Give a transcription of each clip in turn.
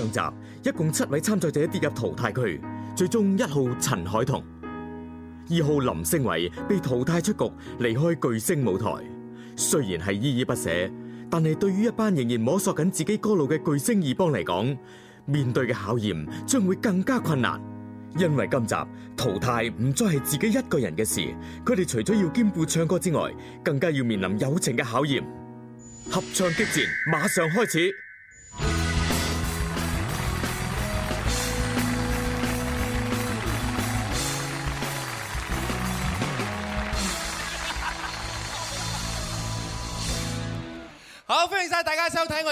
上集一共七位參賽者跌入淘汰區，最終一號陳凱彤、二號林昇湋被淘汰出局，離開巨聲舞台。雖然係依依不捨，但係對於一班仍然摸索緊自己歌路嘅巨聲二幫嚟講，面對嘅考驗將會更加困難。因為今集淘汰唔再係自己一個人嘅事，佢哋除咗要兼顧唱歌之外，更加要面臨友情嘅考驗。合唱激戰馬上開始。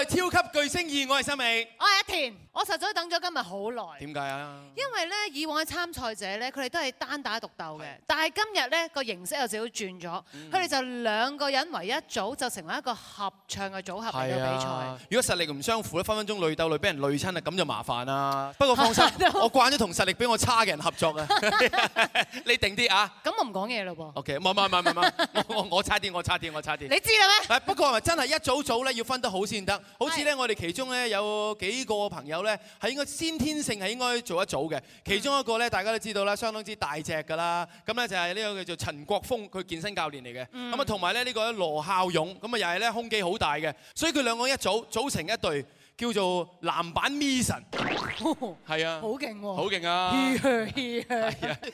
超級巨聲2，我係森美，我係阿田，我實在等咗今日好耐。點解啊？因為咧以往嘅參賽者咧，佢哋都係單打獨鬥嘅。的但係今日咧個形式有少少轉咗，佢哋、嗯嗯、就兩個人為一組，就成為一個合唱嘅組合嚟比賽。的如果實力唔相符咧，分分鐘累鬥累，俾人累親啊！咁就麻煩啦。不過放心， 我慣咗同實力比我差嘅人合作 啊。你定啲啊！咁我唔講嘢嘞噃。OK，唔唔唔唔唔，我差啲，我差啲，我差啲。差點你知嘅咩？不過係咪真係一組組咧要分得好先得？好似咧，我哋其中咧有幾個朋友咧，係應該先天性係應該做一組嘅。其中一個咧，大家都知道啦，相當之大隻噶啦。咁咧就係呢個叫做陳國峰，佢健身教練嚟嘅。咁啊，同埋咧呢個咧羅孝勇，咁啊又係咧胸肌好大嘅。所以佢兩個一組組成一隊。叫做男版 Mason，係啊，好勁喎，好勁啊！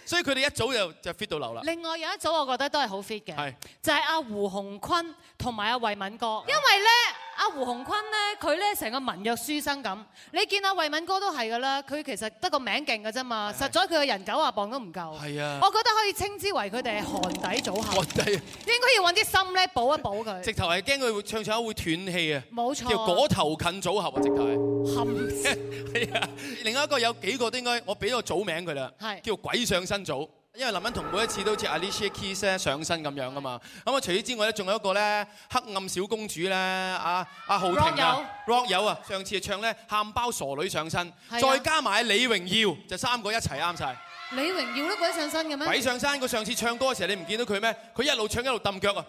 所以佢哋一早就就 fit 到流啦。另外有一組我覺得都係好 fit 嘅，就係阿胡鴻鈞同埋阿魏敏哥。因為咧，阿胡鴻鈞咧，佢咧成個文弱書生咁，你見阿魏敏哥都係㗎啦，佢其實得個名勁㗎啫嘛，實在佢個人九啊磅都唔夠。係啊，我覺得可以稱之為佢哋係寒底組合，應該要揾啲心咧補一補佢。直頭係驚佢唱唱下會斷氣啊！冇錯，叫嗰頭近組合。直頭係，冚嘅係啊！另外一個有幾個都應該，我俾咗個組名佢啦，叫做鬼上身組，因為林欣彤每一次都好似阿 Alicia Keys 上身咁樣噶嘛。咁啊，除此之外咧，仲有一個咧，黑暗小公主咧，阿阿皓婷啊，Rock 友啊，啊、上次唱咧喊包傻女上身，再加埋李榮耀，就三個一齊啱曬。李榮耀都鬼上身嘅咩？鬼上身！佢上次唱歌嘅時候，你唔見到佢咩？佢一路唱一路揼腳啊！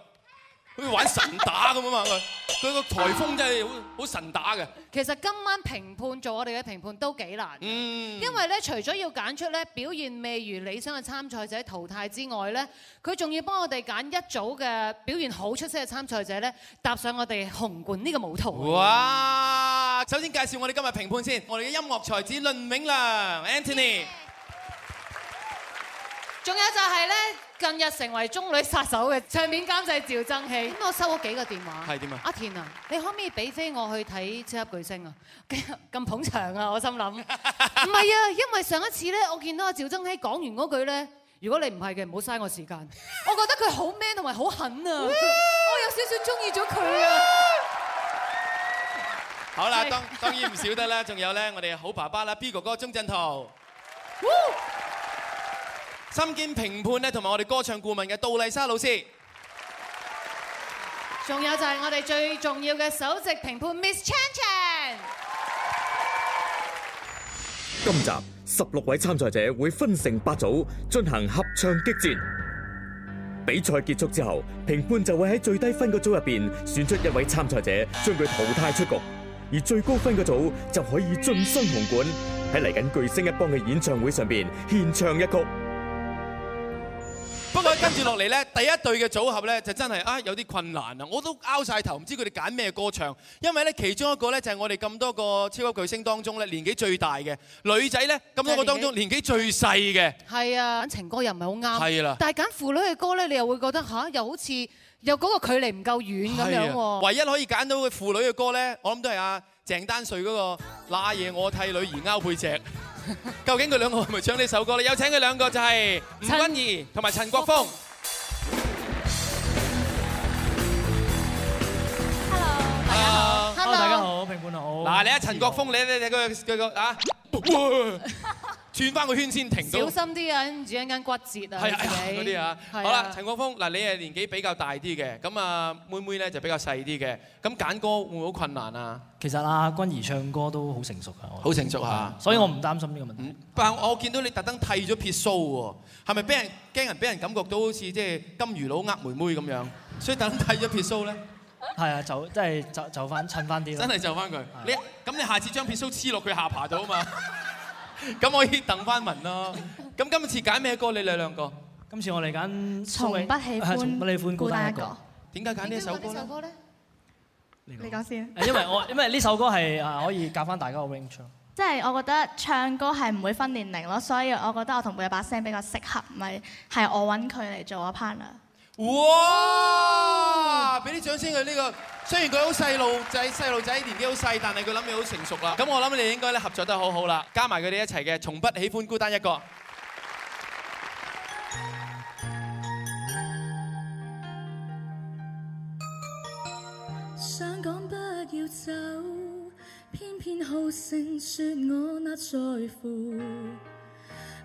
佢玩神打咁啊嘛！佢，佢個颱風真係好好神打嘅。其實今晚評判做我哋嘅評判都幾難，因為咧除咗要揀出咧表現未如理想嘅參賽者淘汰之外咧，佢仲要幫我哋揀一組嘅表現好出色嘅參賽者咧，踏上我哋紅館呢個舞臺。哇！首先介紹我哋今日評判先，我哋嘅音樂才子倫永亮 Anthony。仲有就係咧，近日成為中女殺手嘅唱片監製趙增熹。咁我收咗幾個電話，係點啊？阿田啊，你可唔可以俾飛我去睇超級巨星啊？今日咁捧場啊，我心諗。唔係啊，因為上一次咧，我見到阿趙增熹講完嗰句咧，如果你唔係嘅，唔好嘥我時間。我覺得佢好 man 同埋好狠啊！我有少少中意咗佢啊！好啦，當當然唔少得啦。仲有咧，我哋好爸爸啦，B 哥哥鍾鎮濤。身兼評判咧，同埋我哋歌唱顧問嘅杜麗莎老師，仲有就係我哋最重要嘅首席評判 Miss Chan Chan。今集十六位參賽者會分成八組進行合唱激戰。比賽結束之後，評判就會喺最低分嘅組入邊選出一位參賽者，將佢淘汰出局，而最高分嘅組就可以晉身紅館，喺嚟緊巨聲一幫嘅演唱會上邊獻唱一曲。不過跟住落嚟咧，第一對嘅組合咧就真係啊有啲困難啊。我都拗晒頭，唔知佢哋揀咩歌唱，因為咧其中一個咧就係、是、我哋咁多個超級巨星當中咧年紀最大嘅女仔咧，咁多個當中年紀最細嘅，係啊揀情歌又唔係好啱，係啦、啊，但係揀父女嘅歌咧，你又會覺得吓、啊、又好似又嗰個距離唔夠遠咁、啊、樣喎、啊。唯一可以揀到嘅父女嘅歌咧，我諗都係啊，鄭丹瑞嗰、那個《那夜我替女兒拗背脊》。 究竟佢兩個係咪唱呢首歌咧？有請佢兩個，就係吳筠怡同埋陳國峰陳。Hello，大家好。Hello，大家好，評判好。嗱，你阿陳國峰，你你你個個啊。 轉翻個圈先停到。小心啲啊！因住一間骨折啊！嗰啲啊，好啦，陳國峰嗱，你係年紀比較大啲嘅，咁啊妹妹咧就比較細啲嘅，咁揀歌會唔會好困難啊？其實阿筠怡唱歌都好成熟噶，好成熟嚇，所以我唔擔心呢個問題。但我見到你特登剃咗撇鬚喎，係咪俾人驚人俾人感覺到好似即係金魚佬呃妹妹咁樣？所以特登剃咗撇鬚咧，係啊，就真係就就翻襯翻啲真係就翻佢，你咁你下次將撇鬚黐落佢下爬度啊嘛。咁我可以等翻文咯。咁今次揀咩歌？你哋兩個。今次我嚟揀從不喜歡孤單一個。點解揀呢首歌呢首歌呢？你講先。因為我因為呢首歌係啊可以教翻大家嘅 range 唱。即係我覺得唱歌係唔會分年齡咯，所以我覺得我同佢嘅把聲比較適合，咪係我揾佢嚟做我 partner。哇！俾啲掌聲佢呢個，雖然佢好細路仔，細路仔年紀好細，但係佢諗嘢好成熟啦。咁我諗你哋應該咧合作得好好啦，加埋佢哋一齊嘅，從不喜歡孤單一個。想講不要走，偏偏好勝，説我哪在乎。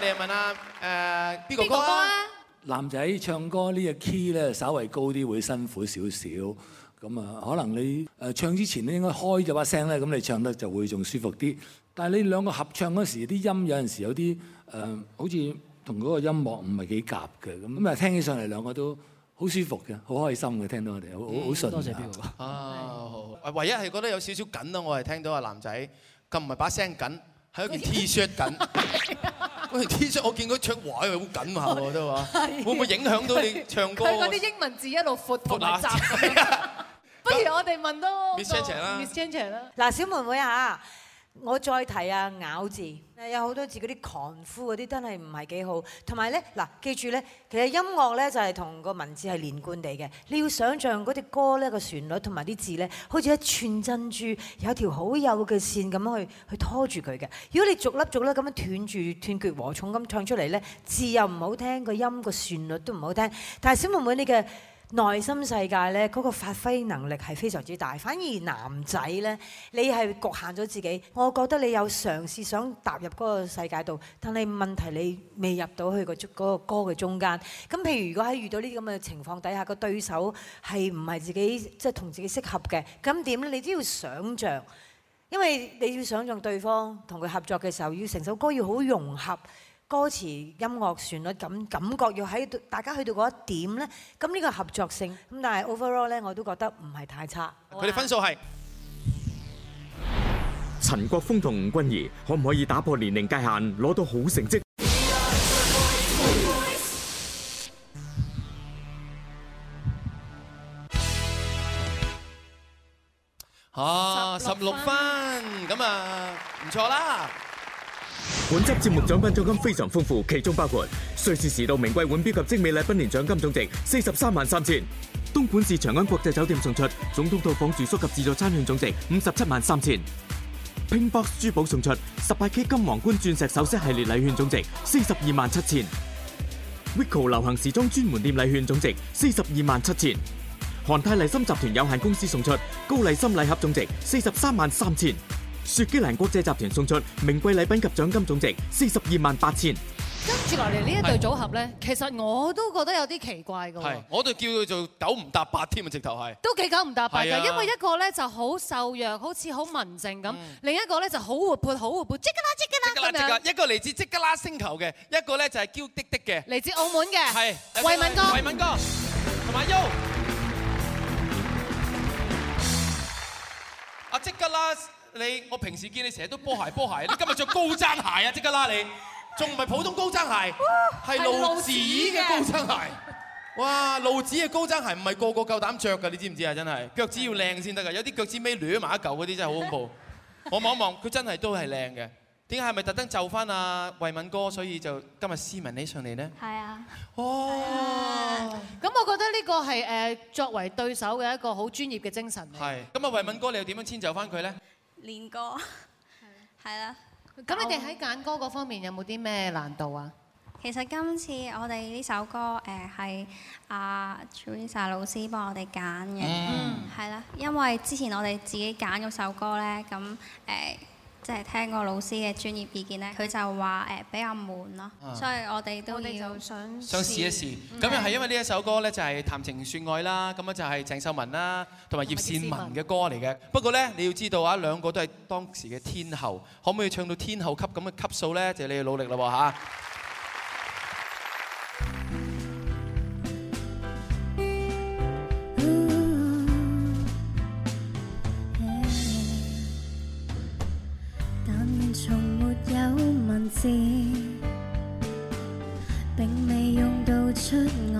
你係問啊？誒邊個歌？男仔唱歌呢個 key 咧，稍為高啲會辛苦少少。咁啊，可能你誒唱之前咧應該開咗把聲咧，咁你唱得就會仲舒服啲。但係你兩個合唱嗰時啲音有陣時有啲誒，好似同嗰個音樂唔係幾夾嘅。咁咁啊，聽起上嚟兩個都好舒服嘅，好開心嘅，聽到我哋好好順順。多謝邊個啊？好。唯一係覺得有少少緊咯，我係聽到阿男仔咁唔係把聲緊。係一件 T-shirt、啊、緊，嗰件 T-shirt 我見佢條腰位好緊下喎，都話會唔會影響到你唱歌？係嗰啲英文字一路闊闊，闊，闊，闊，闊，不如我哋問到 Miss Chan 啦，Miss Chan 啦，嗱小妹妹啊。我再提啊咬字，有好多字嗰啲狂呼嗰啲真係唔係幾好。同埋咧，嗱記住咧，其實音樂咧就係同個文字係連貫地嘅。你要想象嗰啲歌咧，個旋律同埋啲字咧，好似一串珍珠，有一條好幼嘅線咁樣去，去拖住佢嘅。如果你逐粒逐粒咁樣斷住斷絕禾蟲咁唱出嚟咧，字又唔好聽，個音個旋律都唔好聽，但係小妹妹你嘅。內心世界咧，嗰個發揮能力係非常之大。反而男仔咧，你係局限咗自己。我覺得你有嘗試想踏入嗰個世界度，但係問題你未入到去個中嗰個歌嘅中間。咁譬如如果喺遇到呢啲咁嘅情況底下，個對手係唔係自己即係同自己適合嘅，咁點咧？你都要想像，因為你要想像對方同佢合作嘅時候，要成首歌要好融合。歌詞、音樂、旋律感感覺要喺大家去到嗰一點咧，咁、這、呢個合作性咁，但係 overall 咧，我都覺得唔係太差。佢哋的分數係陳國峰同吳筠怡可唔可以打破年齡界限攞到好成績？啊分，十六分咁啊，唔錯啦！本輯節目獎品獎金非常豐富，其中包括瑞士時度名貴腕錶及精美禮品連獎金總值四十三萬三千；東莞市長安國際酒店送出總統套房住宿及自助餐券總值五十七萬三千；Pinkbox 珠寶送出十八 K 金皇冠鑽石首飾系列禮券總值四十二萬七千；Wico 流行時裝專門店禮券總值四十二萬七千；韓泰麗參集團有限公司送出高麗參禮盒總值四十三萬三千。雪肌蘭國際集團送出名貴禮品及獎金總值四十二萬八千。跟住落嚟呢一對組合咧，其實我都覺得有啲奇怪嘅。係我哋叫佢做九唔搭八添啊，直頭係。都幾九唔搭八噶，因為一個咧就好瘦弱，好似好文靜咁；另一個咧就好活潑，好活潑，積拉積拉咁樣。一個嚟自積拉星球嘅，一個咧就係嬌滴滴嘅，嚟自澳門嘅，係慧敏哥，慧敏哥，同埋 Yo，阿積拉。你我平時見你成日都波鞋波鞋，你今日着高踭鞋啊！即刻啦！你，仲唔係普通高踭鞋，係露 趾嘅高踭鞋。哇！露趾嘅高踭鞋唔係個個夠膽着㗎，你知唔知啊？真係腳趾要靚先得㗎，有啲腳趾尾攣埋一嚿嗰啲真係好恐怖。 我望一望，佢真係都係靚嘅。點解係咪特登就翻阿慧敏哥，所以就今日斯文起上嚟呢？係啊。哦哇！咁、啊、我覺得呢個係誒作為對手嘅一個好專業嘅精神。係。咁啊，慧敏哥，你又點樣遷就翻佢咧？練歌係啦是的。咁你哋喺揀歌嗰方面有冇啲咩難度啊？其實今次我哋呢首歌誒係阿 Trisha 老師幫我哋揀嘅，係啦，因為之前我哋自己揀咗首歌咧，咁誒。呃即係聽個老師嘅專業意見咧，佢就話誒比較悶咯，所以我哋都要們想試一試。咁又係因為呢一首歌咧，就係，就係談情説愛啦，咁樣就係鄭秀文啦同埋葉蒨文嘅歌嚟嘅。不過咧，你要知道啊，兩個都係當時嘅天后，可唔可以唱到天后級咁嘅級數咧？就係、係、你要努力啦喎嚇！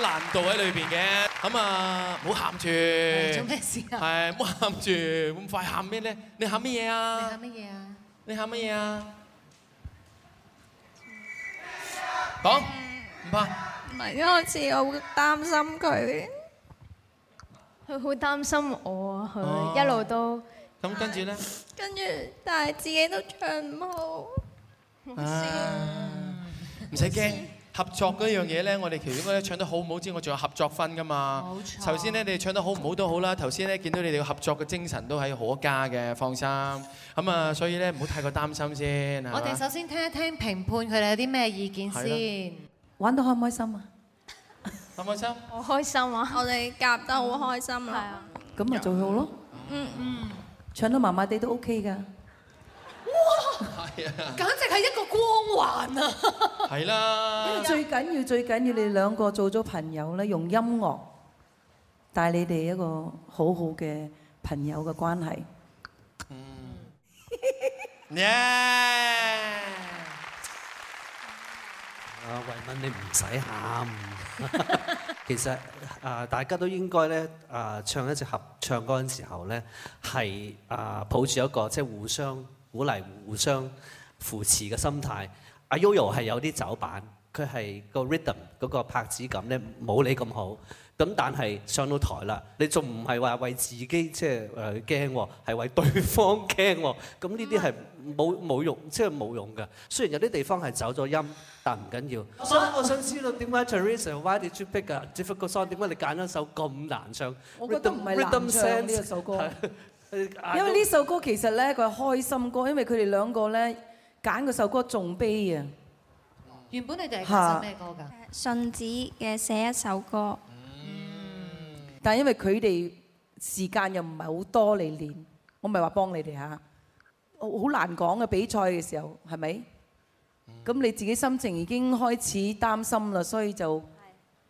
難度喺裏邊嘅，咁啊，唔好喊住。做咩事啊？係唔好喊住，咁快喊咩咧？你喊乜嘢啊？你喊乜嘢啊？你喊乜嘢啊？講唔怕。唔係嗰次我擔心佢，佢好擔心我，佢一路都。咁跟住咧？跟住，但係自己都唱唔好，唔好笑。唔使驚。合作嗰樣嘢咧，我哋其實應該咧唱得好唔好，知我仲有合作分㗎嘛。頭先咧，你哋唱得好唔好都好啦。頭先咧，見到你哋嘅合作嘅精神都係可嘉嘅，放心。咁啊，所以咧唔好太過擔心先嚇。我哋首先聽一聽評判佢哋有啲咩意見先。玩到開唔開心啊？開唔開心？好開心啊！我哋夾得好開心啊！係啊，咁咪做好咯。嗯嗯，唱得麻麻地都 OK 㗎。係是啊！簡直係一個光環啊！係啦，因為最緊要、最緊要，你哋兩個做咗朋友咧，用音樂帶你哋一個好好嘅朋友嘅關係。嗯，耶！阿慧敏，你唔使喊。其實啊，大家都應該咧啊，唱一隻合唱歌嘅時候咧，係啊，抱住一個即係互相。鼓勵互相扶持嘅心態。阿 Yoyo 係有啲走板，佢係個 rhythm 嗰個拍子感咧冇你咁好。咁但係上到台啦，你仲唔係話為自己即係誒驚，係為對方驚。咁呢啲係冇冇用，即係冇用嘅。雖然有啲地方係走咗音，但唔緊要。所以我想知道點解 Teresa 和《Why》你出逼㗎？只不過想點解你揀一首咁難唱？我覺得唔係難唱呢一首歌。因為呢首歌其實咧，佢係開心歌，因為佢哋兩個咧揀嗰首歌仲悲啊。原本你哋係揀首咩歌噶？順子嘅寫一首歌。嗯。但係因為佢哋時間又唔係好多你練，我唔係話幫你哋吓，好難講嘅比賽嘅時候係咪？咁你自己心情已經開始擔心啦，所以就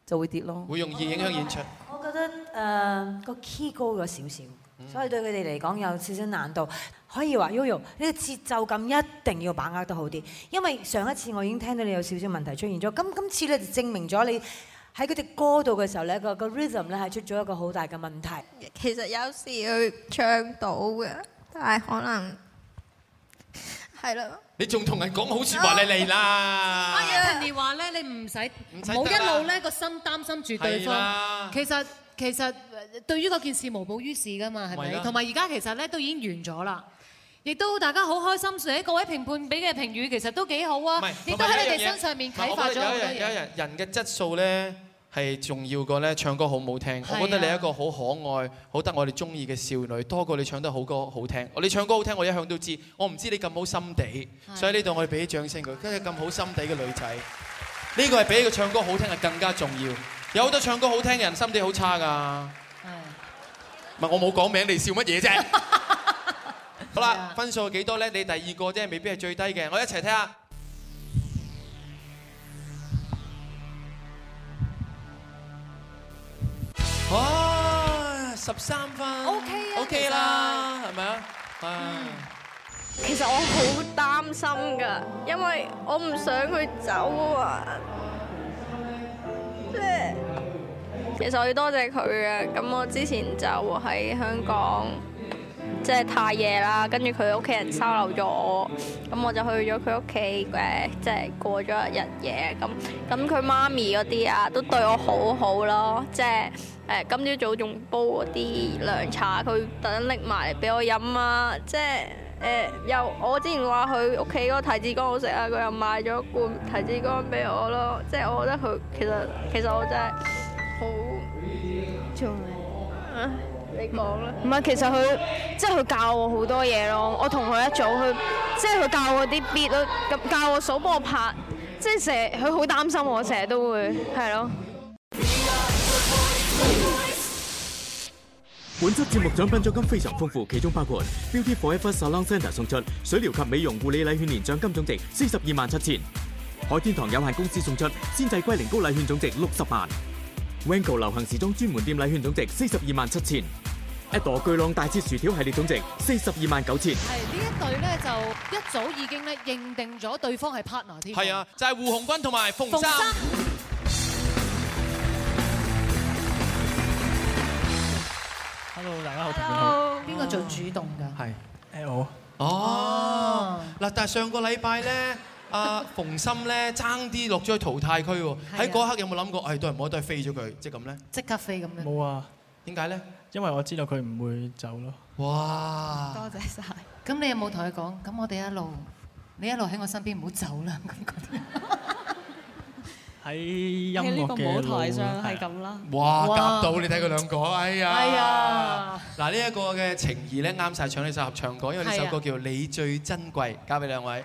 就會跌咯。會容易影響演出。我覺得誒個 key 高咗少少。所以對佢哋嚟講有少少難度，可以話 Yoyo 你個節奏感一定要把握得好啲，因為上一次我已經聽到你有少少問題出現咗，今今次咧就證明咗你喺佢哋歌度嘅時候咧個個 rhythm 咧係出咗一個好大嘅問題。其實有時去唱到嘅，但係可能係咯。你仲同人講好説話你嚟啦！係啊！聽人話咧，你唔使冇一路咧個心擔心住對方。其實。其實對於嗰件事無補於事㗎嘛，係咪？同埋是的 而家其實咧都已經完咗啦，亦都大家好開心。而且各位評判俾嘅評語其實都幾好啊，亦是都喺你哋身上面啟發咗好多嘢。有人，人嘅質素咧係重要過咧唱歌好唔好聽。是的 我覺得你係一個好可愛、好得我哋中意嘅少女，多過你唱得好歌好聽。你唱歌好聽，我一向都知。我唔知你咁好心地，是的 所以呢度我哋俾啲掌聲佢。跟住咁好心地嘅女仔，呢、呢個係比佢唱歌好聽係更加重要。有好多唱歌好聽嘅人心地好差噶，唔係我冇講名，你笑乜嘢啫？好啦，分數幾多咧？你第二個啫，未必係最低嘅。我一齊聽下，啊，十三分，OK 啊，OK 啦，係咪啊？嗯，其實我好擔心㗎，因為我唔想佢走啊。其實我要多謝佢啊。咁我之前就喺香港即係太夜啦，跟住佢屋企人收留咗我，咁我就去咗佢屋企誒，即係過咗一日夜咁，咁佢媽咪嗰啲啊都對我好好咯，即係誒，今朝早仲煲嗰啲涼茶，佢特登拎埋嚟俾我飲啊，即係誒，又我之前話佢屋企嗰個提子乾好食啊，佢又買咗罐提子乾俾我咯，即係我覺得佢其實其實我真係好。你講啦。唔係，其實佢即係佢教我好多嘢咯。我同佢一組，即係佢教我啲 beat 咯，教我數，幫我拍，即係成日佢好擔心我，成日都會係咯。本週節目獎品獎金非常豐富，其中包括 Beauty Forever Salon Centre 送出水療及美容護理禮券，年獎金總值四十二萬七千；海天堂有限公司送出先製龜苓膏禮券，總值六十萬。Wango 流行時裝專門店禮券總值四十二萬七千，一朵巨浪大切薯條系列總值四十二萬九千。係呢一對咧，就一早已經咧認定咗對方係 partner 添。係啊，就係胡鴻鈞同埋馮琛。Hello，大家好。Hello，邊個做主動㗎？係 L。哦，嗱，但係上個禮拜咧。阿馮琛咧，爭啲落咗去淘汰區喎，喺嗰刻有冇諗過？誒都係唔好，都係飛咗佢，即係咁咧？即刻飛咁樣？冇啊，點解咧？因為我知道佢唔會走咯。哇！多謝晒。咁你有冇同佢講？咁我哋一路，你一路喺我身邊，唔好走啦。喺音樂嘅舞台上係咁啦。哇！夾到你睇佢兩個，哎呀！哎呀！嗱，呢一個嘅情義咧，啱晒唱呢首合唱歌，因為呢首歌叫做《你最珍貴》，交俾兩位。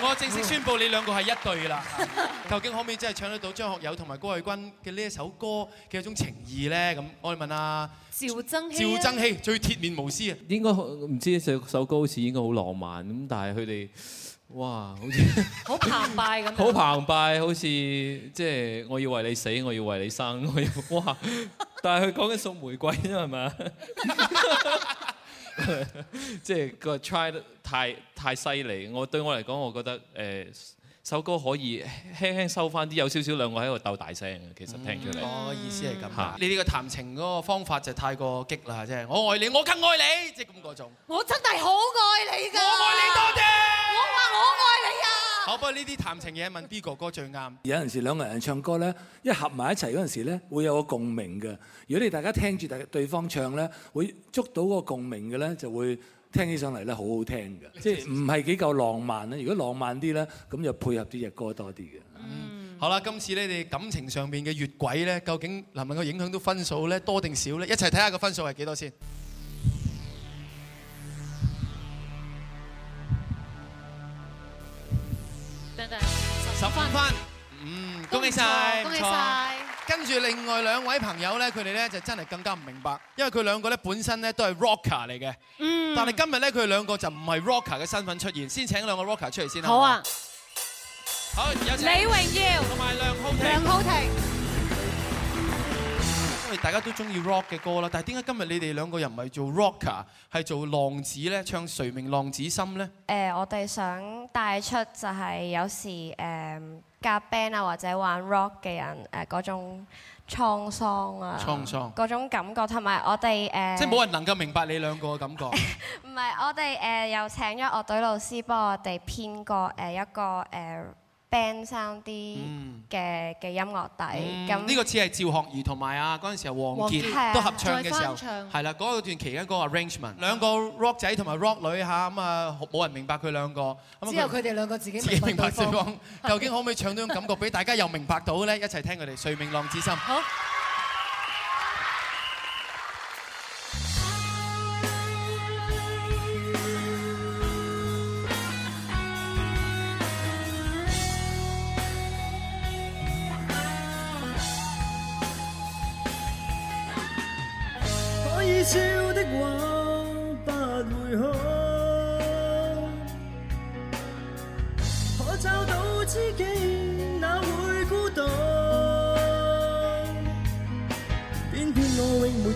我正式宣布你兩個係一對啦！究竟可唔可以真係唱得到張學友同埋高慧君嘅呢一首歌嘅一種情意咧？咁我哋問，問啊，趙增趙增熹最鐵面無私啊！應該唔知呢首歌好似應該好浪漫咁，但係佢哋哇，好似好澎湃咁，好澎湃，好似即係我要為你死，我要為你生，我要哇！但係佢講緊送玫瑰啫係咪？ 即係 個 try 太太犀利，我對我嚟講，我覺得誒、呃，首歌可以輕輕收翻啲，有少少兩個喺度鬥大聲嘅，其實聽出嚟、嗯。哦，意思係咁啊！是你呢個談情嗰個方法就太過激啦，即、就、係、是、我愛你，我更愛你，即係咁種。我真係好愛你噶。我愛你多啲。我話我愛你啊。好，不過呢啲談情嘢問 B 哥哥最啱。有陣時兩個人唱歌咧，一合埋一齊嗰陣時咧，會有個共鳴嘅。如果你大家聽住第對方唱咧，會捉到個共鳴嘅咧，就會聽起上嚟咧好好聽嘅。即係唔係幾夠浪漫咧？如果浪漫啲咧，咁就配合啲嘅歌多啲嘅。嗯，好啦，今次你哋感情上面嘅越軌咧，究竟能唔能夠影響到分數咧多定少咧？一齊睇下個分數係幾多先。十分，你嗯，恭喜晒！恭喜曬。跟住錯另外兩位朋友咧，佢哋咧就真係更加唔明白，因為佢兩個咧本身咧都係 Rocker 嚟嘅。嗯。但係今日咧佢哋兩個就唔係 Rocker 嘅身份出現，先請兩個 Rocker 出嚟先啦。好啊好，好，有請李榮耀同埋梁皓婷。梁皓因為大家都中意 rock 嘅歌啦，但係點解今日你哋兩個人唔係做 rocker，係做浪子咧？唱誰明浪子心咧？誒、呃，我哋想帶出就係有時誒夾 band 啊，呃、and, 或者玩 rock 嘅人誒嗰、呃、種滄桑啊，滄桑嗰種感覺，同埋我哋誒，呃、即係冇人能夠明白你兩個嘅感覺、呃。唔係，我哋誒、呃、又請咗樂隊老師幫我哋編個誒、呃、一個 a、呃 band 三啲嘅嘅音樂底，咁呢個似係趙學而同埋啊嗰陣時啊王傑，王傑對都合唱嘅時候，係啦，嗰段期間個 arrangement 的兩個 rock 仔同埋 rock 女吓，咁啊冇人明白佢兩個，只有佢哋兩個自己明白自究竟可唔可以唱到種感覺俾大家又明白到咧？ 一齊聽佢哋《誰明浪子心》好。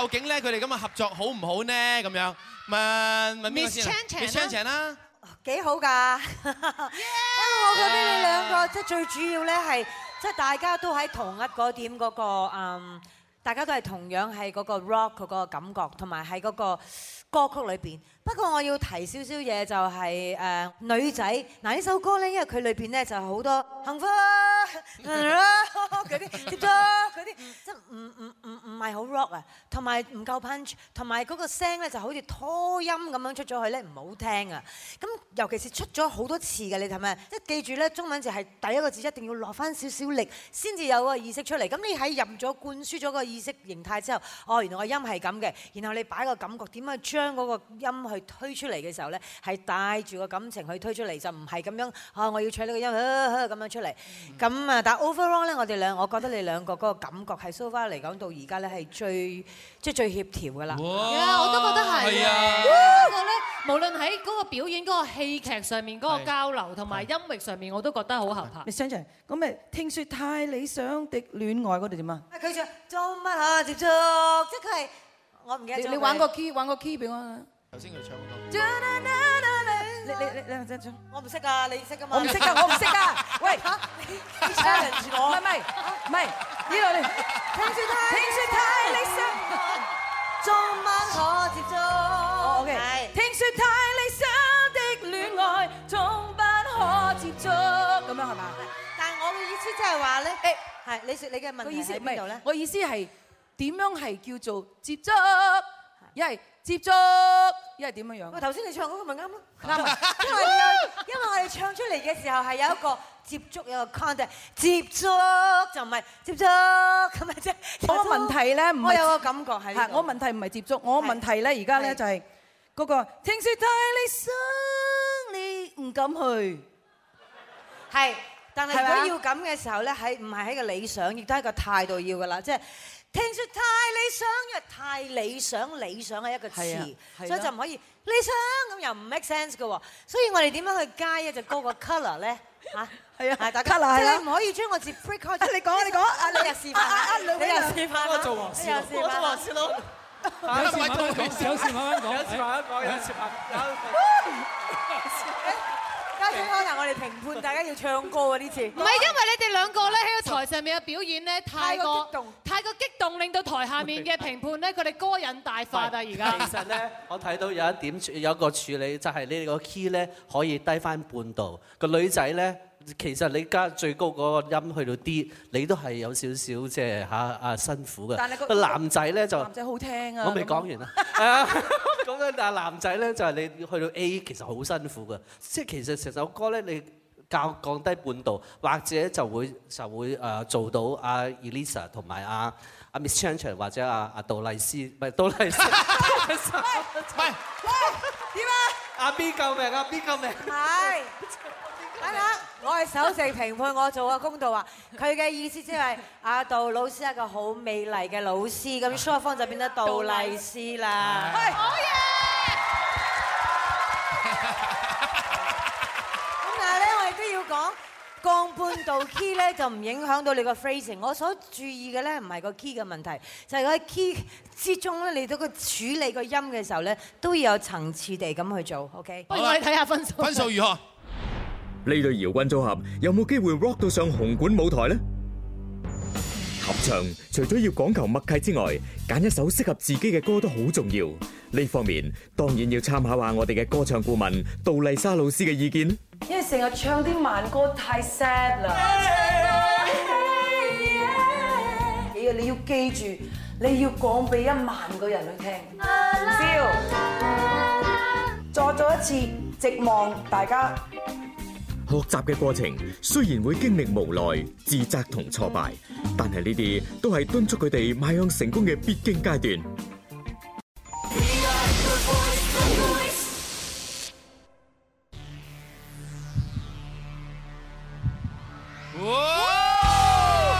究竟咧佢哋今日合作好唔好呢？咁樣問問邊個先？Miss Chang Chang 啦，幾好㗎！因為我覺得兩個即係最主要咧係即係大家都喺同一嗰點嗰個誒，大家都係同樣係嗰個 rock 嗰個感覺，同埋喺嗰個歌曲裏邊。不過我要提少少嘢就係誒女仔嗱呢首歌咧，因為佢裏邊咧就係好多 rock 嗰啲，即係唔唔。唔係好 rock 啊，同埋唔夠 punch，同埋個聲咧就好似拖音咁樣出咗去咧，唔好聽啊！咁尤其是出咗好多次嘅，你係咪？即係記住咧，中文字係第一個字一定要落翻少少力，先至有個意識出嚟。咁你喺入咗灌輸咗個意識形態之後，哦，原來個音係咁嘅。然後你擺個感覺點樣將個音去推出嚟嘅時候咧，係帶住個感情去推出嚟，就唔係咁樣啊、哦、我要唱呢個音，咁、啊啊啊、樣出嚟。咁啊、mm hmm.，但係 overall 咧，我哋兩，我覺得你兩個個感覺係 so far 嚟講到而家咧。係最，即係最協調噶啦，啊！我都覺得係。不過咧，無論喺嗰個表演、嗰個戲劇上面、嗰個交流，同埋音樂上面，我都覺得好合拍。Michelle，咁咪聽說太理想的戀愛嗰度點啊？佢唱做乜啊？結束，即係我唔記得咗。你玩個 key，玩個 key 俾我。頭先佢唱嗰個。你你你我唔識噶，你識噶嘛？我唔識噶，我唔識噶。喂，嚇！唔係唔係，唔係，依度嚟。聽説太，聽説太理想，終不可接觸。OK，係。聽説太理想的戀愛，總不可接觸。咁樣係嘛？但係我嘅意思即係話咧，誒，係，你説你嘅問題喺邊度咧？我意思係點樣係叫做接觸？因為接觸，因為點樣樣？頭先你唱嗰個咪啱咯，因為因為我哋唱出嚟嘅時候係有一個接觸，有個 contact，接觸就唔係接觸咁咪即係。我個問題咧，唔係我有個感覺喺度。我問題唔係接觸，我個問題咧，而家咧就係嗰個。聽説太遼闊，你唔敢去。係，但係如果要咁嘅時候咧，係唔係喺個理想，亦都係個態度要噶啦，即係。聽說太理想，因為太理想，理想係一個詞，所以就唔可以理想咁又唔 make sense 嘅。所以我哋點樣去加咧？就高個 colour 咧嚇係啊 c o l o r 係啦。你唔可以將我字 break 開。即係你講啊，你講啊，你又示範，你又示範，我做黃，我做黃，有事慢慢講，有事慢慢講，有慢慢有可能我哋評判，大家要唱歌啊！呢次唔係因為你哋兩個咧喺個台上面嘅表演咧，太過激動，太過激動，令到台下面嘅評判咧，佢哋歌癮大發啦！而家其實咧， 我睇到有一點，有一個處理就係、是、你哋個 key 咧可以低翻半度，個女仔咧。其實你加最高嗰個音去到 D，你都係有少少即係嚇啊，啊辛苦嘅。但係個男仔咧就男仔好聽啊！我未講完啊。咁咧、 uh，但係男仔咧就係、是、你去到 A，其實好辛苦嘅。即係其實成首歌咧，你教降低半度，或者就會就會誒做到阿 Elisa 同埋、啊、阿阿、啊、Miss Chan Chan 或者阿阿杜麗絲，唔係杜麗絲。係。啊、阿 B 救命！阿 B 救命！係是。 等下，我係首席評判，我做個公道話，佢嘅意思即係阿杜老師係一個好美麗嘅老師，咁蘇方就變咗杜麗斯啦。的好嘢！咁但係咧，我亦都要講降半度 key 咧，就唔影響到你個 phrasing。我所注意嘅咧，唔係個 key 嘅問題，就係、是、喺 key 之中咧，你到個處理個音嘅時候咧，都要有層次地咁去做。OK，不如我哋睇下分數，分數如何？ 呢對搖滾組合有冇機會 rock 到上紅館舞台呢？合唱除咗要講求默契之外，揀一首適合自己嘅歌都好重要。呢方面當然要參考下我哋嘅歌唱顧問杜麗莎老師嘅意見。因為成日唱啲慢歌太 sad 啦。你要你要記住，你要講俾一萬個人去聽。feel，再做一次，直望大家。學習嘅過程雖然會經歷無奈、自責同挫敗，但係呢啲都係敦促佢哋邁向成功嘅必經階段。哇！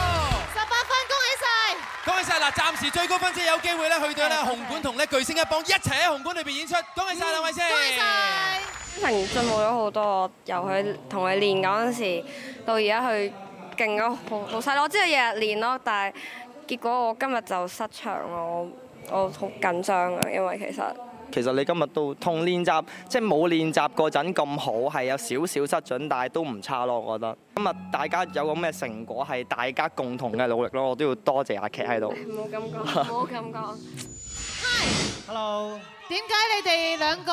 十八分，恭喜晒！恭喜晒！嗱，暫時最高分先有機會咧，去到咧紅館同咧巨聲2幫一齊喺紅館裏邊演出，恭喜晒兩位先！恭喜晒！進步咗好多，由佢同佢練嗰陣時候，到而家去勁咗好多好多。我知佢日日練咯，但係結果我今日就失場咯，我我好緊張啊，因為其實其實你今日都同練習即係冇練習嗰陣咁好，係有少少失準，但係都唔差咯，我覺得今日大家有個咩成果係大家共同嘅努力咯，我都要多謝阿 K 喺度。冇感覺，冇感覺。Hi，hello。點解你哋兩個？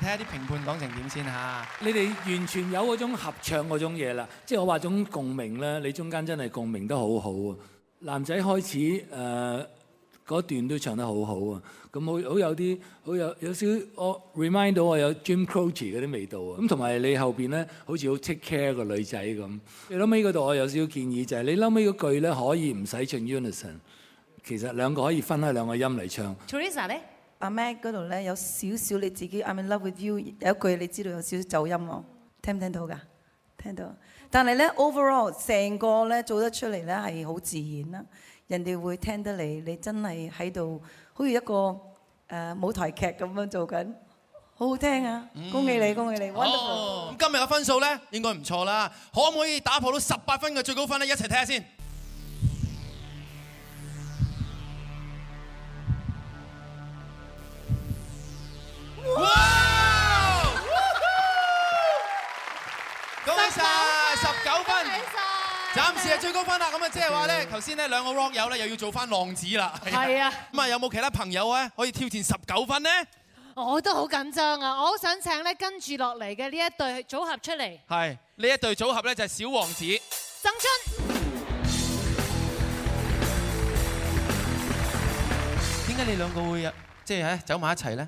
睇下啲評判講成點先嚇，你哋完全有嗰種合唱嗰種嘢啦，即係我話種共鳴咧，你中間真係共鳴得好好啊！男仔開始誒嗰、呃、段都唱得好好啊，咁好好有啲好有有少我 remind 到我有 Jim Croce 嗰啲味道啊，咁同埋你後邊咧好似好 take care 個女仔咁，你撈尾嗰度我有少少建議就係你撈尾嗰句咧可以唔使唱 unison，其實兩個可以分開兩個音嚟唱 Teresa。Teresa 咧？阿 Mac 嗰度咧有少少你自己，I'm in love with you 有一句你知道有少少走音喎，聽唔聽到噶？聽到，聽到。但係咧 overall 成個咧做得出嚟咧係好自然啦，人哋會聽得你，你真係喺度好似一個誒舞台劇咁樣做緊，好好聽啊！恭喜你，恭喜你，Wonderful！咁、哦、今日嘅分數咧應該唔錯啦，可唔可以打破到十八分嘅最高分咧？一齊聽下先。哇！恭喜晒！十九分，暫時係最高分啦。咁啊對吧，即係話咧，頭先呢兩個 Rock 友咧又要做翻浪子啦。係啊。咁啊，有冇其他朋友咧可以挑戰十九分呢？我都好緊張啊！我好想請咧跟住落嚟嘅呢一對組合出嚟。係呢一對組合咧就係小王子。曾臻。點解你兩個會啊？即係喺走埋一齊咧？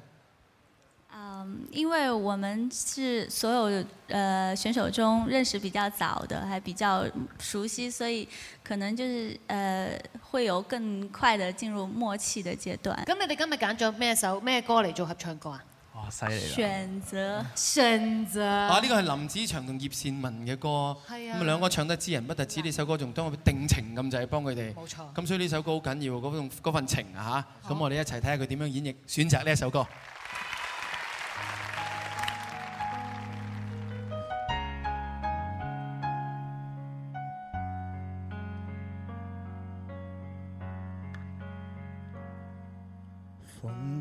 因為我們是所有呃選手中認識比較早的，還比較熟悉，所以可能就是呃會有更快的進入默契的階段那。咁你哋今日揀咗咩首咩歌嚟做合唱歌啊？哇，犀利！選擇選擇。啊，呢個係林子祥同葉蒨文嘅歌，咁啊兩個唱得知人不識，呢首歌仲當佢定情咁就係幫佢哋。冇錯。咁所以呢首歌好緊要，嗰份情啊吓，咁我哋一齊睇下佢點樣演繹。選擇呢一首歌。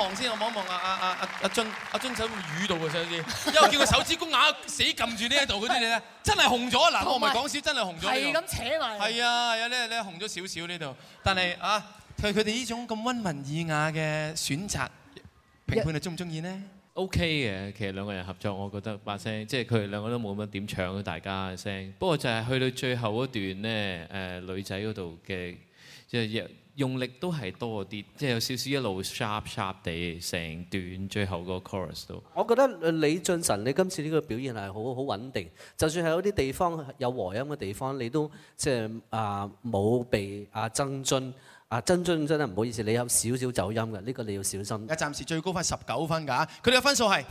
望先，我望一望阿阿阿阿阿俊，阿俊手喺度喎，上次，因為叫佢手指公雅死撳住呢一度嗰啲咧，真係紅咗。嗱，我唔係講笑，真係紅咗，係咁扯埋。係啊，有咧咧紅咗少少呢度，但係啊，佢佢哋呢種咁溫文爾雅嘅選擇評判，你中唔中意咧？OK 嘅，其實兩個人合作，我覺得把聲，即係佢哋兩個都冇乜點搶，大家嘅聲。不過就係去到最後嗰段咧，誒女仔嗰度嘅，即係。用力都係多啲，即係有少少一路 sharp sharp 地，成段最後個 chorus 都。我覺得李俊晨你今次呢個表現係好好穩定，就算係有啲地方有和音嘅地方，你都即係啊冇被啊曾臻。啊曾臻、啊、真係唔好意思，你有少少走音嘅，呢、呢個你要小心。暫時最高分十九分㗎，佢哋嘅分數係。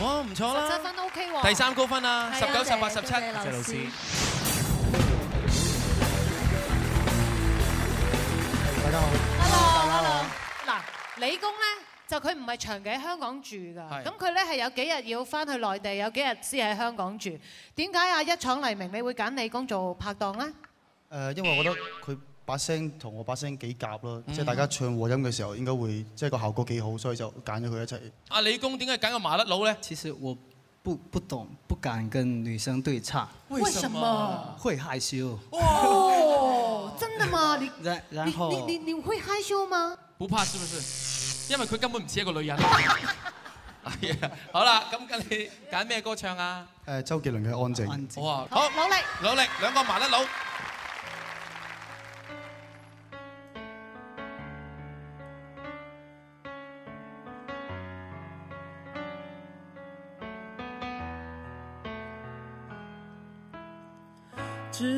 哦，唔錯啦，十七分都 OK 喎，第三高分啊，十九、十八、十七。謝老師，大家好。Hello，hello。嗱，李恭咧就佢唔係長期喺香港住㗎，咁佢咧係有幾日要翻去內地，有幾日先喺香港住。點解啊一搶黎明，你會揀李恭做拍檔咧？誒，因為我覺得佢把聲同我把聲幾夾咯，即係大家唱和音嘅時候應該會，即係個效果幾好，所以就揀咗佢一齊、嗯。阿李恭點解揀個麻甩佬咧？其實我不不懂，不敢跟女生對唱。為什麼？會害羞。哦，哦、真的嗎？然然後你你你,你會害羞嗎？不怕是不是？因為佢根本唔似一個女人了好了。好啦，咁咁你揀咩歌唱啊？誒，周杰倫嘅《安靜,安靜》。哇，好努,努力，努力兩個麻甩佬。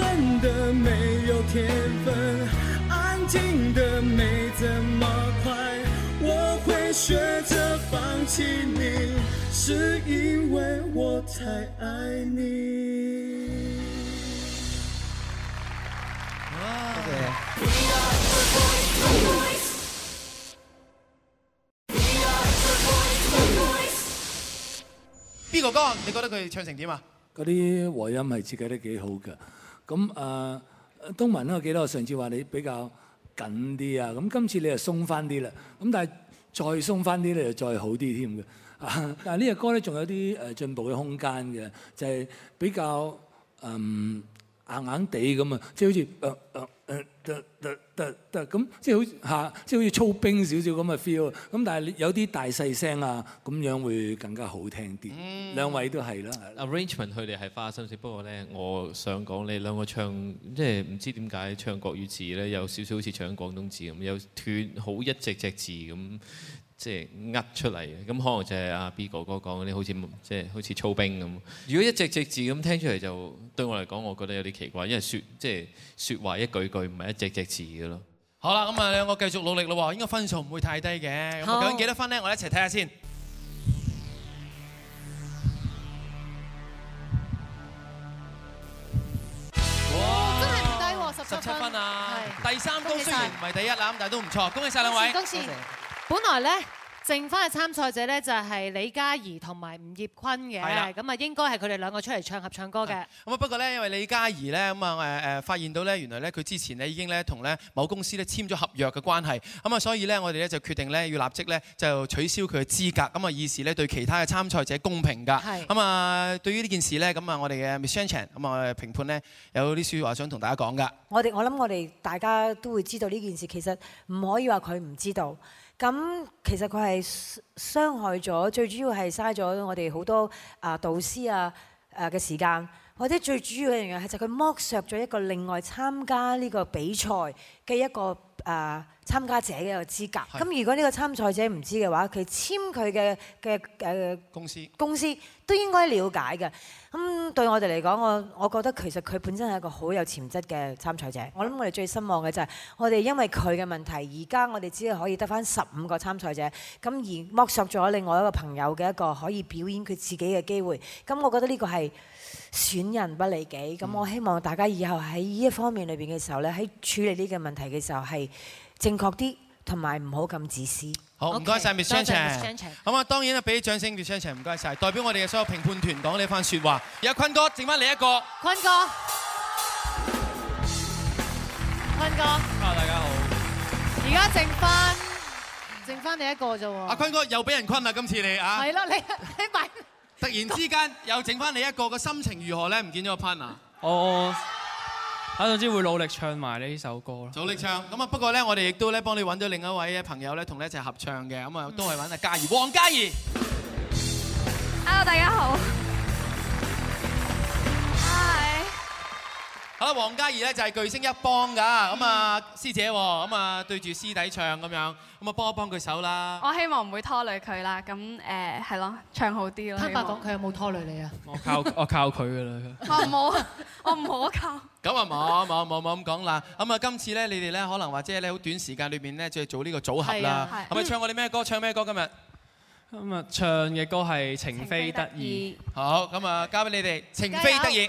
真的沒有天分，安靜的沒這麼快，我會學着放棄你，是因為我太愛你。謝謝 B 哥哥，你覺得佢唱成點啊？嗰啲和音係設計得幾好噶。咁誒、呃、東閔咧我記得我上次話你比較緊啲啊，咁今次你就鬆翻啲啦。咁但係再鬆翻啲你就再好啲添嘅。 但呢隻歌咧，仲有啲誒進步嘅空間嘅，就係、是、比較嗯、呃、硬硬地咁啊，即係好似誒誒。呃呃誒得得得得咁，即係好嚇，即係好似操兵少少咁嘅 feel。咁但係有啲大細聲啊，咁樣會更加好聽啲。嗯，兩位都係啦。Um, arrangement 佢哋係花心思，不過咧，我想講你兩個唱，即係唔知點解唱國語詞咧，有少少好似唱廣東詞咁，有斷好一隻隻字咁。即係噏出嚟嘅，咁可能就係阿 B 哥哥講嗰啲，好似即係好似操兵咁。如果一隻隻字咁聽出嚟，就對我嚟講，我覺得有啲奇怪，因為説即係説話一句句，唔係一隻隻字嘅咯。好啦，咁啊兩個繼續努力咯喎，應該分數唔會太低嘅。咁究竟幾多分呢？我一齊睇下先。哇！真係唔低喎，十七分。十七分啊！第三都雖然唔係第一啦，但係都唔錯，恭喜曬兩位。恭喜。本來咧，剩翻嘅參賽者咧就係、是、李家怡同埋吳業坤嘅。咁啊是的 應該係佢哋兩個出嚟唱合唱歌嘅。咁啊不過咧，因為李家怡咧咁啊誒誒發現到咧，原來咧佢之前咧已經咧同咧某公司咧簽咗合約嘅關係，咁、呃、啊所以咧我哋咧就決定咧要立即咧就取消佢嘅資格，咁、呃、啊以示咧對其他嘅參賽者公平㗎。咁啊是的、嗯呃、對於呢件事咧，咁、呃、啊我哋嘅 Michelle Chan 咁啊、呃、評判咧有啲説話想同大家講㗎。我哋我諗我哋大家都會知道呢件事，其實唔可以話佢唔知道。咁其實佢係傷害咗，最主要係嘥咗我哋好多導師啊誒嘅時間，或者最主要嘅原因係就佢剝削咗一個另外參加呢個比賽嘅一個，誒、呃、參加者嘅一個資格，咁是如果呢個參賽者唔知嘅話，佢簽佢嘅嘅誒公司，公司都應該了解嘅。咁對我哋嚟講，我我覺得其實佢本身係一個好有潛質嘅參賽者。我諗我哋最失望嘅就係，我哋因為佢嘅問題，而家我哋只係可以得返十五個參賽者，咁而剝削咗另外一個朋友嘅一個可以表演佢自己嘅機會。咁我覺得呢個係。損人不利己，咁我希望大家以後喺呢一方面裏邊嘅時候咧，喺處理呢個問題嘅時候係正確啲，同埋唔好咁自私。好，唔該晒，Michelle，好啊，當然啦，俾啲掌聲 Michelle，唔該晒，代表我哋嘅所有評判團講呢番説話。而家坤哥，剩翻你一個，坤哥，坤哥，Hello，大家好，而家剩翻，剩翻你一個啫喎。阿坤哥又俾人坤啦，今次你啊？係咯， 你你咪。突然之間又整翻你一個，個心情如何咧？唔見咗個 partner，哦，睇，總之會努力唱埋呢首歌咯。努力唱咁啊！對吧 不過咧，我哋亦都咧幫你揾到另一位嘅朋友咧，同你一齊合唱嘅。咁啊，都係揾阿嘉怡，黃嘉怡。Hello，大家好。好啦，王嘉怡咧就係巨聲一幫噶，咁啊師姐，咁啊對住師弟唱咁樣，咁啊幫一幫佢手啦。我希望唔會拖累佢啦，咁誒係咯，唱好啲咯。坦白講，佢有冇拖累你啊？我靠，我靠佢噶啦。我冇啊，我唔冇靠。咁啊冇冇冇冇咁講啦。咁啊，今次咧，你哋咧可能或者你好短時間裏面咧，就係做呢個組合啦，係咪？唱過啲咩歌？唱咩歌今日？今日唱嘅歌係情非得已。好，咁啊交俾你哋情非得已。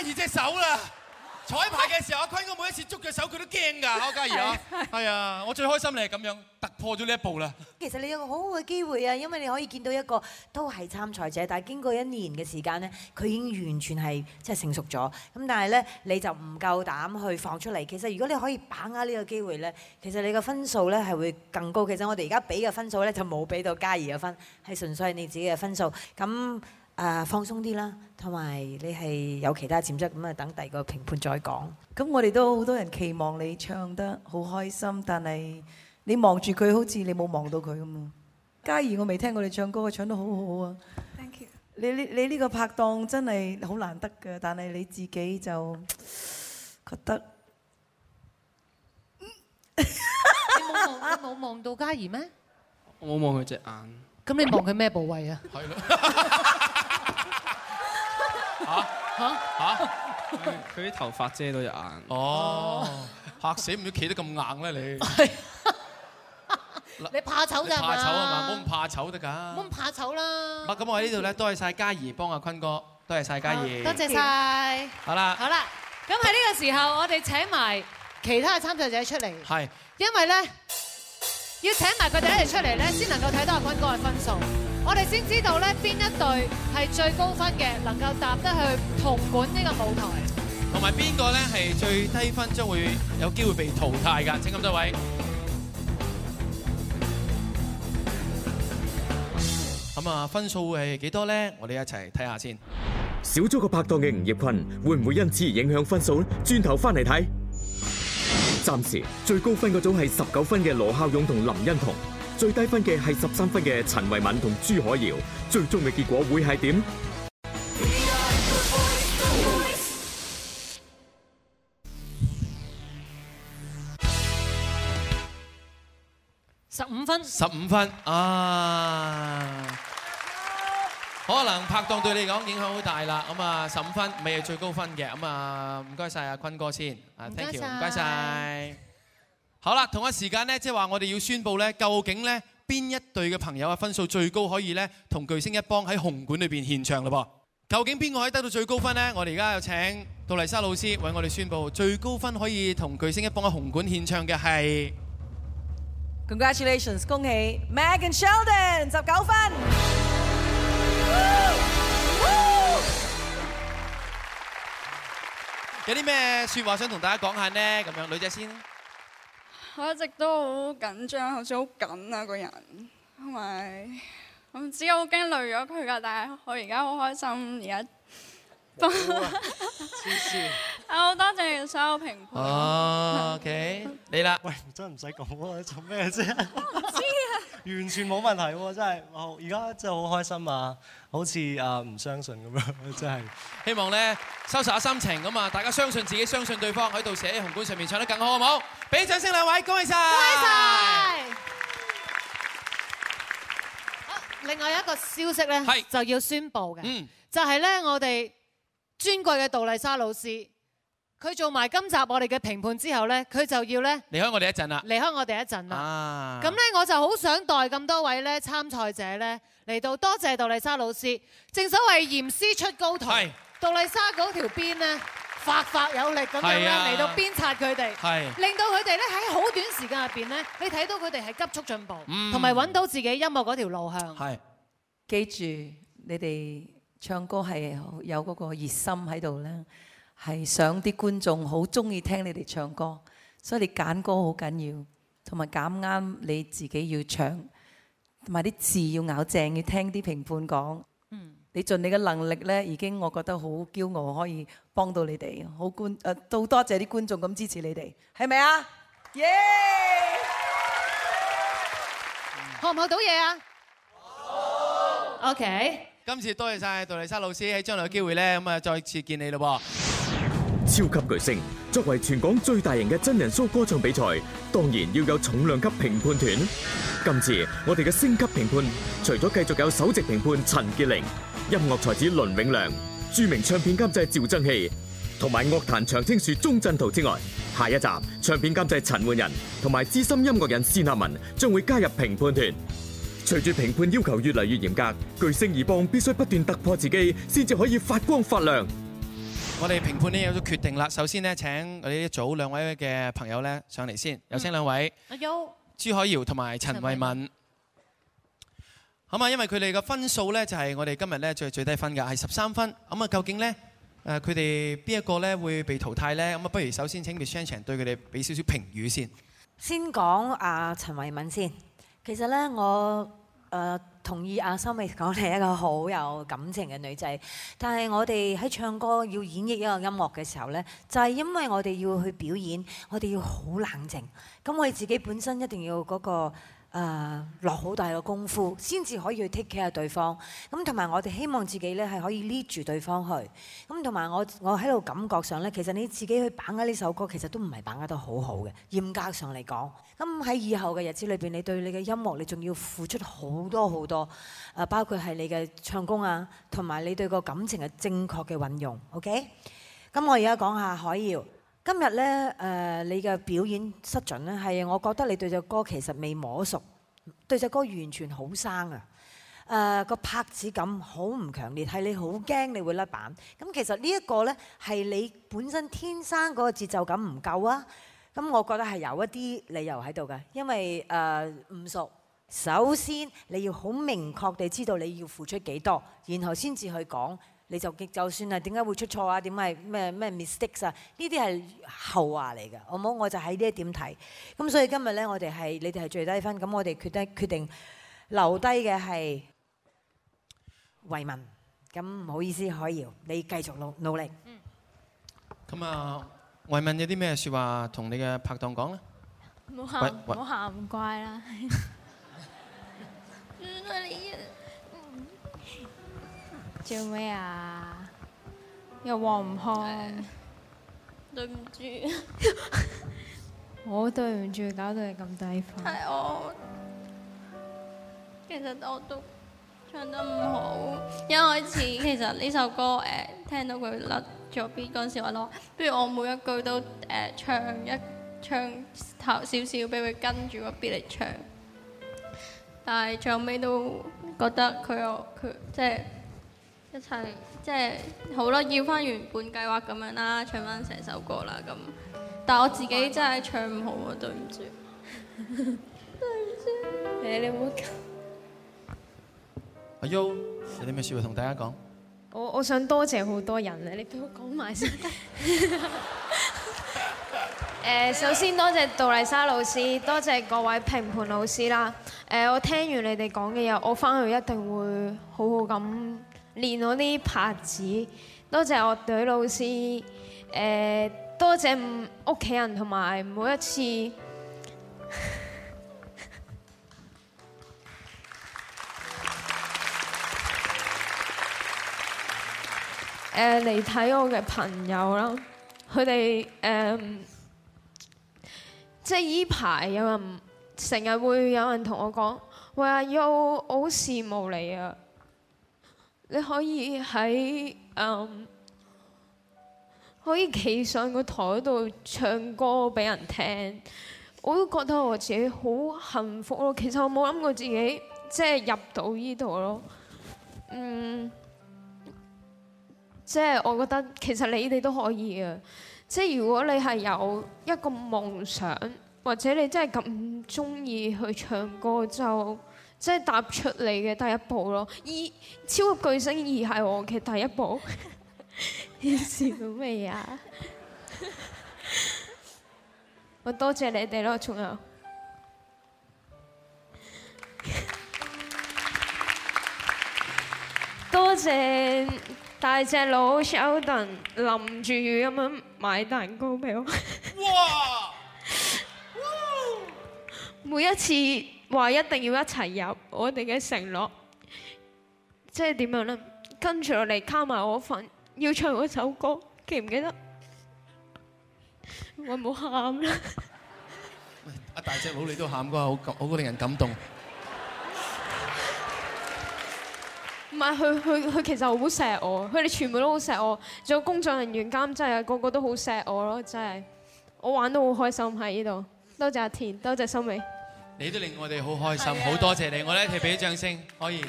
嘉怡隻手啦！彩排嘅時候，阿坤哥每一次捉嘅手，佢都驚㗎，嘉怡啊，係啊、哎，我最開心你係咁樣突破咗呢一步啦。其實你有個很好好嘅機會啊，因為你可以見到一個都係參賽者，但係經過一年嘅時間咧，佢已經完全係即係成熟咗。咁但係咧，你就唔夠膽去放出嚟。其實如果你可以把握呢個機會咧，其實你嘅分數咧係會更高。其實我哋而家俾嘅分數咧就冇俾到嘉怡嘅分，係純粹係你自己嘅分數。咁。啊，放鬆啲啦，同埋你係有其他潛質，咁啊等第二個評判再講。咁我哋都好多人期望你唱得好開心，但係你望住佢好似你冇望到佢咁啊！嘉怡，我未聽過你唱歌，唱得好好啊！Thank you。你呢？你呢個拍檔真係好難得嘅，但係你自己就覺得你冇望啊冇望到嘉怡咩？我冇望佢隻眼。咁你望佢咩部位啊？係啦。吓佢啲頭髮遮到隻眼。哦，嚇死！唔要企得咁硬咧，啊，你。 你怕醜咋？怕醜吖嘛？唔怕醜得噶。唔怕醜啦。啊，咁我喺呢度咧，多謝晒嘉儀幫阿坤哥，多謝晒嘉儀。多謝晒。好啦了，好啦。咁喺呢個時候，我哋請埋其他參賽者出嚟。係是，因為咧要請埋佢哋一齊出嚟咧，先能夠睇到阿坤哥嘅分數。我哋先知道咧，邊一隊係最高分嘅，能夠搭得去銅管呢個舞台，同埋邊個咧係最低分，將會有機會被淘汰噶。請咁多位，咁啊，分數係幾多咧？我哋一齊睇下先。少咗個拍檔嘅吳業坤，會唔會因此而影響分數咧？轉頭翻嚟睇。暫時最高分嗰組係十九分嘅羅孝勇同林欣彤。最低分嘅係十三分嘅陳慧敏同朱愷瑤，最終嘅結果會係點？十五分，十五分啊！可能拍檔對你嚟講影響好大啦。咁啊，十五分未係最高分嘅。咁啊，唔該晒啊，坤哥先，啊 thank you，唔該晒。好啦，同一時間咧，即係話我哋要宣佈咧，究竟咧邊一隊嘅朋友啊，分數最高可以咧同巨聲一幫喺紅館裏邊獻唱嘞噃？究竟邊個可以得到最高分咧？我哋而家有請杜麗莎老師為我哋宣佈，最高分可以同巨聲一幫喺紅館獻唱嘅係，Congratulations，恭喜 Meg and Sheldon，十九分。有啲咩説話想同大家講下咧？咁樣女仔先。我一直都好緊張，好似好緊啊個人，同埋我唔知我驚累咗佢㗎，但係我而家好開心，而家。啊！多謝所有評判。哦，OK，你啦。喂，真係唔使講喎，做咩啫？ 我唔知道、啊、 完全冇問題喎，真係。我而家真係好開心啊，好似啊唔相信咁樣，真係。希望咧收拾下心情咁啊，大家相信自己，相信對方喺度寫紅館上面唱得更好，好冇好？俾啲掌聲兩位，恭喜晒！恭喜晒！好， 另外一個消息咧，是就要宣布嘅，嗯、就係咧我哋尊貴嘅杜麗莎老師。佢做埋今集我哋嘅評判之後呢，佢就要呢離開我哋一陣啦。離開我哋一陣啦。咁呢，我就好想代咁多位呢參賽者呢嚟到多謝杜麗莎老師。正所謂嚴師出高徒，杜麗莎嗰條鞭呢發發有力咁樣嚟到鞭策佢哋，令到佢哋呢喺好短時間入邊呢，你睇到佢哋係急速進步，同埋揾到自己音樂嗰條路向。記住，你哋唱歌係有嗰個熱心喺度呢。係想啲觀眾好中意聽你哋唱歌，所以你揀歌好緊要，同埋揀啱你自己要唱，同埋啲字要咬正，要聽啲評判講。嗯，你盡你嘅能力咧，已經我覺得好驕傲，可以幫到你哋，好觀誒都多謝啲觀眾咁支持你哋，係咪啊？耶！學唔學到嘢啊？好。OK。今次多謝晒杜麗莎老師，喺將來嘅機會咧，咁啊再次見你咯噃。超級巨聲作為全港最大型嘅真人 show 歌唱比賽，當然要有重量級評判團。今次我哋嘅星級評判，除咗繼續有首席評判陳潔靈、音樂才子倫永亮、著名唱片監製趙增熹，同埋樂壇長青樹鍾鎮濤之外，下一集唱片監製陳奐仁同埋資深音樂人施納文將會加入評判團。隨住評判要求越嚟越嚴格，巨聲二幫必須不斷突破自己，先至可以發光發亮。我哋評判呢有咗決定啦。首先呢，請我哋組兩位嘅朋友咧上嚟先。有請兩位，阿優、嗯、朱海瑤同埋陳慧敏。好嘛，因為佢哋嘅分數咧就係我哋今日咧最最低分嘅係十三分。咁啊，究竟咧誒，佢哋邊一個咧會被淘汰咧？咁啊，不如首先請佢 i c h e 對佢哋俾少少評語先。先講阿陳慧敏先。其實咧我。誒同意阿，阿 Sammy 講，係一個好有感情嘅女仔。但係我哋喺唱歌要演繹一個音樂嘅時候呢，就係因為我哋要去表演，我哋要好冷靜，咁我哋自己本身一定要嗰個。誒落好大嘅功夫，先至可以去 take care 對方。咁同埋我哋希望自己咧係可以 lead 住對方去。咁同埋我我喺度感覺上咧，其實你自己去把握呢首歌，其實都唔係把握得好好嘅。嚴格上嚟講，咁喺以後嘅日子裏邊，你對你嘅音樂，你仲要付出好多好多。誒，包括係你嘅唱功啊，同埋你對個感情嘅正確嘅運用。OK，咁我而家講下愷瑤。今日咧，誒、呃、你嘅表演失準咧，係我覺得你對隻歌其實未摸熟，對隻歌完全好生啊！誒、呃、個拍子感好唔強烈，係你好驚你會甩板。咁其實呢一個咧，係你本身天生嗰個節奏感唔夠啊！咁我覺得係有一啲理由喺度嘅，因為誒唔、呃、熟。首先你要好明確地知道你要付出幾多，然後先至去講。你就極就算啊，點解會出錯啊？點解咩咩 mistakes 啊？呢啲係後話嚟嘅，好冇？我就喺呢一點睇。咁所以今日咧，我哋係你哋係最低分，咁我哋決定決定留低嘅係慧敏。咁唔好意思，愷瑤，你繼續努努力。咁啊，慧敏有啲咩説話同你嘅拍檔講咧？唔好喊，唔好喊，乖啦。唔好理佢。做咩啊？又旺唔開？對唔住， 我對唔住搞到你咁低分。係、哎、我，其實我都唱得唔好。一開始其實呢首歌誒、哎，聽到佢甩咗 B 嗰陣時，我諗不如我每一句都誒、哎、唱一唱頭少少，俾佢跟住個 B 嚟唱。但係最後尾都覺得佢又佢即係。一齊即係好咯，要翻原本計劃咁樣啦，唱翻成首歌啦咁。但係我自己真係唱唔好啊，對唔住，對唔住。誒，你唔好咁。阿優，有啲咩說話同大家講？我我想多謝好多人啊，你俾我講埋先。誒，首先多謝杜麗莎老師，多謝各位評判老師啦。誒，我聽完你哋講嘅嘢，我翻去一定會好好咁。練我啲拍子，多謝樂隊老師，謝謝。誒，多謝屋企人同埋每一次，誒，嚟睇我嘅朋友啦，佢哋誒，即係依排有人成日會有人同我講，喂，阿 Yo，我好羨慕你啊。你可以喺嗯，可以企上個台度唱歌畀人聽，我都覺得我自己好幸福咯。其實我冇諗過自己即係入到呢度咯。嗯，即係我覺得其實你哋都可以啊。即係如果你係有一個夢想，或者你真係咁鍾意去唱歌就～即係踏出嚟嘅第一步咯，而《超級巨星》二係我嘅第一步。笑咩啊！我多謝你哋咯，仲有。多謝大隻佬 Sheldon 淋住雨咁樣買蛋糕俾我。哇！每一次。話一定要一齊入，我哋嘅承諾，即係點樣咧？跟住落嚟，加埋我份，要唱嗰首歌，記唔記得？我唔好喊啦。阿大隻佬，你都喊啩？好，好令人感動。唔係，佢佢佢其實好錫我，佢哋全部都好錫我，仲有工作人員監製啊，個個都好錫我咯，真係。我玩得好開心喺呢度，多謝阿田，多謝心美。你都令我哋好開心，好多謝你！我咧就俾啲掌聲，可以。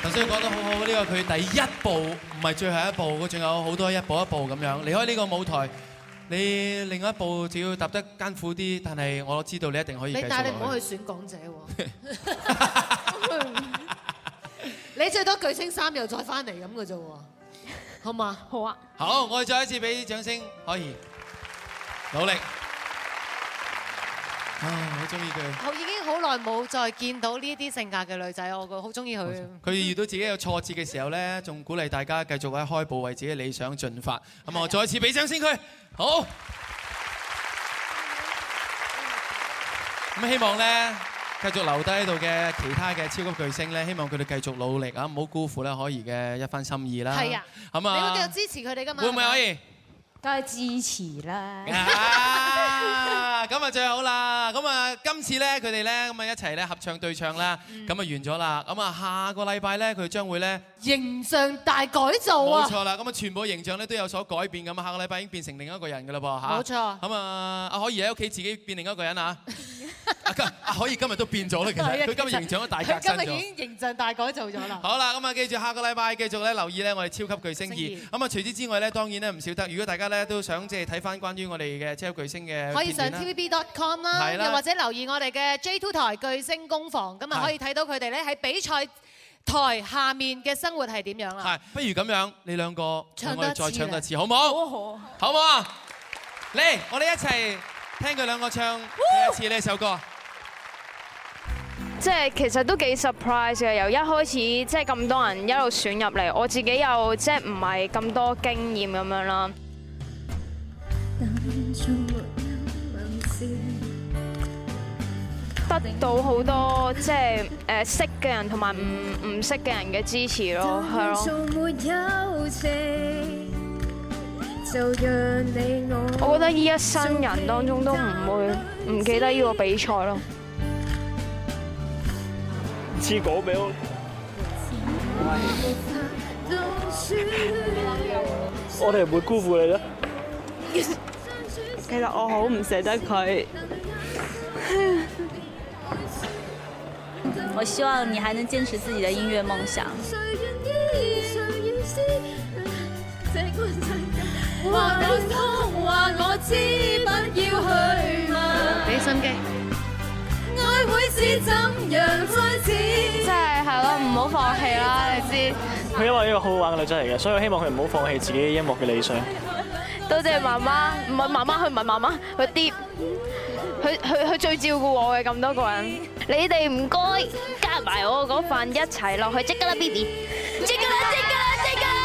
頭先講得好好，呢個佢第一步唔係最後一步，佢仲有好多一步一步咁樣離開呢個舞台。你另外一步只要踏得艱苦啲，但係我知道你一定可以。你但係你唔好去選港姐喎，你最多巨聲三又再翻嚟咁嘅啫喎，好嗎？好啊，好，我哋再一次俾啲掌聲，可以，努力。啊！好中意佢，好，已經好耐冇再見到呢啲性格嘅女仔，我覺好中意佢。佢遇到自己有挫折嘅時候咧，仲 鼓勵大家繼續喺開步為自己理想進發。咁啊，再次俾聲先佢，好。咁希望咧，繼續留低喺度嘅其他嘅超級巨星咧，希望佢哋繼續努力啊，唔好辜負咧可怡嘅一番心意啦。係的啊。咁啊，你會繼續支持佢哋噶嘛？會唔會可以？該支持啦、 啊！咁啊最好啦！咁啊今次咧佢哋咧咁啊一齊咧合唱對唱啦！咁啊完咗啦！咁啊下個禮拜咧佢將會咧形象大改造啊！冇錯啦！咁啊全部形象咧都有所改變，咁啊下個禮拜已經變成另一個人㗎啦噃嚇！冇、啊、沒錯。咁啊阿可怡喺屋企自己變另一個人啊！啊，今啊可以今日都變咗啦，其實佢今日形象都大革新咗。佢今日已經形象大改做咗啦。好啦，咁啊記住下個禮拜繼續咧留意咧我哋超級巨星二。咁啊除此之外咧，當然咧唔少得。如果大家咧都想即係睇翻關於我哋嘅超級巨星嘅，可以上 TVB.com 啦，又或者留意我哋嘅 J2 台巨星工房，咁啊可以睇到佢哋咧喺比賽台下面嘅生活係點樣啦。係，不如咁樣，你兩個同埋再唱一次，好唔好？好唔好啊？嚟，我哋一齊聽佢兩個唱一次呢一首歌。即係其實都幾 surprise 嘅，由一開始即係咁多人一路選入嚟，我自己又即係唔係咁多經驗咁樣啦。得到好多即係誒識嘅人同埋唔唔識嘅人嘅支持咯，係咯。我覺得依一生人當中都唔會唔記得呢個比賽咯。次稿俾我，我哋唔會辜負你啦。其實我好唔捨得佢。我希望你還能堅持自己嘅音樂夢想。俾心機。會是怎樣開始？即係係咯，唔好放棄啦！你知佢因為一個好好玩嘅女仔嚟嘅，所以我希望佢唔好放棄自己音樂嘅理想。多謝媽媽，唔係媽媽，佢唔係媽媽，佢啲，佢佢佢最照顧我嘅咁多個人。你哋唔該加埋我嗰份一齊落去，即刻啦，B B，即刻啦，即刻啦，即刻！